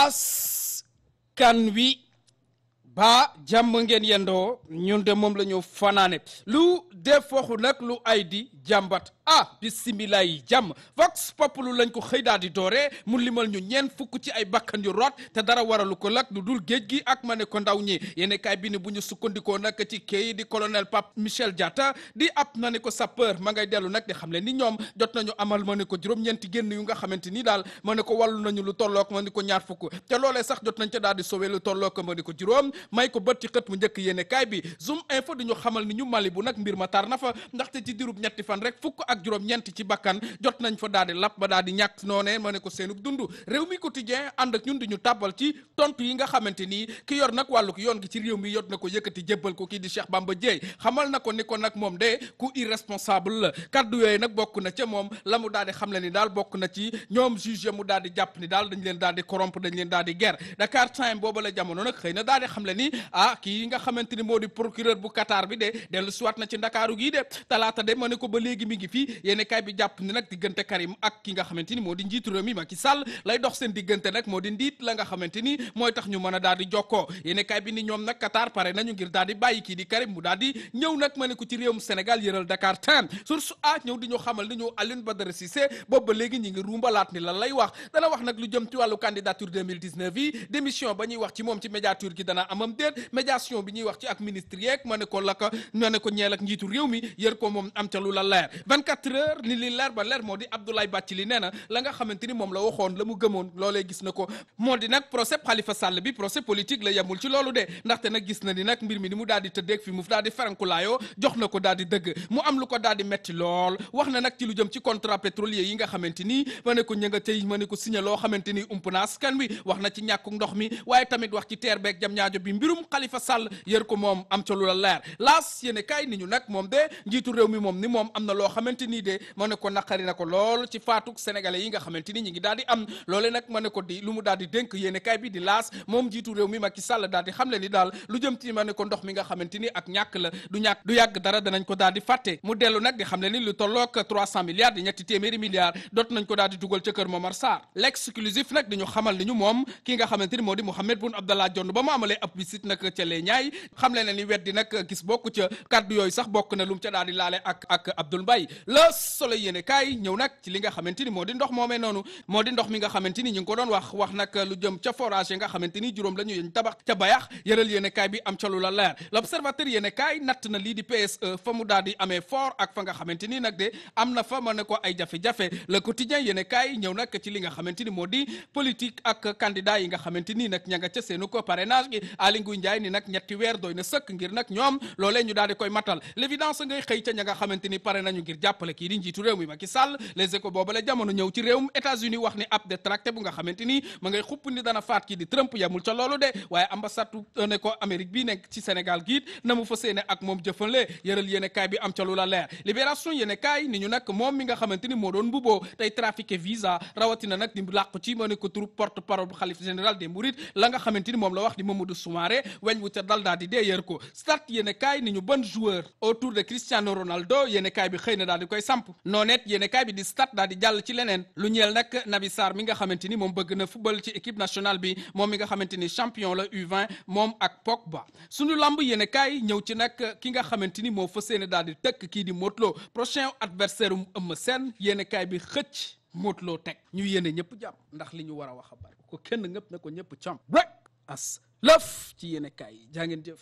askan wi baa jàmm ngeen yendoo ñun de moom la ñu fanaane lu def nag lu ay di jàmbat ah bisimila yi jàmm vox populu lañ ko xëy daal di doore mu limal ñu ñeen fukk ci ay bakkan yu root te dara waralu ko lak lu dul géej gi ak ma ne ko ndaw ñi yéene bi ne bu ñu sukkandikoo nag ci kii di colonel pap Michel Diatta di ab na ne ko sapeur ma ngay dellu nag di xam le ni ñoom jot nañu amal ma ne ko juróom-ñeenti génn yu nga xamante ni daal ma ne ko wàllu nañu lu tollook ma ne ko ñaar fukk te loole sax jot nañ ca daal di sowe lu tollook ma ne ko juróom may ko bët ci xët mu njëkk yéene kaay bi zoom info di ñu xamal ni ñu Mali bu nag mbir ma tar na fa ndaxte ci dirub ñetti fan rek fukk ak juróom-ñeent ci bakkan jot nañ fa daal di lap ba daal di ñàkk noonee ma ne ko seenug dund réew mi quotidien ànd ak ñun di ñu tabal ci tontu yi nga xamante ni ki yor nag wàllu yoon ki ci réew mi yot na ko yëkkati jébbal ko kii di Cheikh Bamba Dièye xamal na ko ni ko nag moom de ku irresponsable la kaddu yooyu nag bokk na ca moom la mu daal di xam le ni daal bokk na ci ñoom juge mu daal di jàpp ni daal dañ leen daal di corrompre dañ leen daal di guerre Dakar Time booba la jamono nag xëy na daal di xam le ni ah kii nga xamante ni moo di procureur bu Qatar bi dellu siwaat na ci ndakaaru gii de talaata de ma ne ko ba léegi mi ngi fii bi yéeni kay bi jàpp ni nag diggante Karim ak ki nga xamante ni moo di njiitu réew mi Macky Sall lay dox seen diggante nag moo di ndiit la nga xamante ni mooy tax ñu mën a daal di jokkoo yéeni kay bi ni ñoom nag Qatar pare nañu ngir daal di bàyyi kii di Karim mu daal di ñëw nag ma ne ko ci réewum Sénégal yëral Dakar Time source a ñëw di ñu xamal ni ñu Alioune Badara Cissé boobu ba léegi ñi ngi ruumbalaat ni lan lay wax dana wax nag lu jëm ci wàllu candidature 2019 yi démission ba ñuy wax ci moom ci gi dana amam déet médiation bi wax ci ak ministre yeeg ma ne ko la ko ma ne ko ñeel ak mi yër ko moom am ca lu la leer 24 heures li li leer ba leer moo di Abdoulaye Bathily nee na la nga xamante moom la waxoon la mu gëmoon loolee gis na ko moo di nag procès Khalifa Sall bi procès politique la yemul ci loolu de ndaxte nag gis na ni nag mbir mi ni mu daal di tëddeeg fi mu daal di ferankulaayoo jox na ko daal di dëgg mu am lu ko daal di metti lool wax na nag ci lu jëm ci contrat pétrolier yi nga xamante ni ma ne ko ña nga tey ma ne ko signé loo xamante ni ump na askan wi wax na ci ñàkku ndox mi waaye tamit wax ci teer beeg jam ñaajo bi mbirum Khalifa Sall yër ko moom am ca lu la leer laas yéene kaay ni ñu nag moom de njiitu réew mi moom ni moom am na loo xamante nii de ma ne ko naqari na ko lool ci faatuk sénégalais yi nga xamante ni ñi ngi daal di am loole nag ma ne ko di lu mu daal di dénk yéene kaay bi di laas moom jiitu réew mi Macky Sall daal di xamle ni daal lu jëm ci ma ne ko ndox mi nga xamante ni ak ñàkk la du ñàkk du yàgg dara danañ ko daal di fàtte mu dellu nag di xamle ni lu tollook 300 milliards di ñetti téeméeri milliards dot nañ ko daal di dugal ca kër Momar Sarr l'exclusif nag di ñu xamal ni ñu moom ki nga xamante ni moo di Mouhamed Boun Abdallah Dionne ba mu amalee ab visite nag ca lee na ni weddi nag gis bokk ca kaddu yooyu sax bokk na lu mu ca daal di laale ak ak Abdoul la Soleil yéene kaay ñëw nag ci li nga xamante ni moo di ndox moomee noonu moo di ndox mi nga xamante ni ñu ngi ko doon wax wax nag lu jëm ca forage nga xamante ni juróom la ñu yéen tabax ca bayax yëral yéene kaay bi am ca lu la leer l'Observateur yéene kaay natt na lii di PSE fa mu daal di amee fort ak fa nga xamante ni nag de am na fa mën na ko ay jafe-jafe le quotidien yéene kaay ñëw nag ci li nga xamante ni moo di politique ak candidat yi nga xamante ni nag ña nga ca seenu ko parrainage gi Aly Ngouille Ndiaye ni ñetti weer doy na sëkk ngir nag ñoom loolee ñu daal di koy matal l'évidence ngay xëy ca ña nga xamante ni pare nañu ngir jàpp jàppale kii di njiitu réew mi Macky Sall les échos booba la jamono ñëw ci réewum États-Unis wax ni ab détracté bu nga xamante ma ngay xupp ni faat kii di Trump yamul ca loolu de waaye ambassade euh, ne ko Amérique bi nekk ci Sénégal giit na mu fas ak moom jëfanle yëral yéene kaay bi am ca lu la leer libération yéene kaay ni ñu nag moom mi nga xamante moo doon mbuboo tey trafiqué visa rawatina nag di làqu ci ma ko turu porte parole xalif général koy samp noonet yéene kaay bi di stade daal di jàll ci leneen lu ñeel nag Naby Sarr mi nga xamante ni moom bëgg na football ci équipe nationale bi moom mi nga xamante ni champion la u moom ak Pogba sunu lamb yéene kaay ñëw ci nag ki nga xamante ni moo fas yéene daal di tëkk kii di Modou Lo prochain adversaire um Eumeu seen yéene kaay bi xëcc Modou Lo teg ñu yéene ñëpp jàmm ndax li ñu war a wax a bari ko kenn ñëpp ne ko ñëpp càmm rek as lëf ci yéene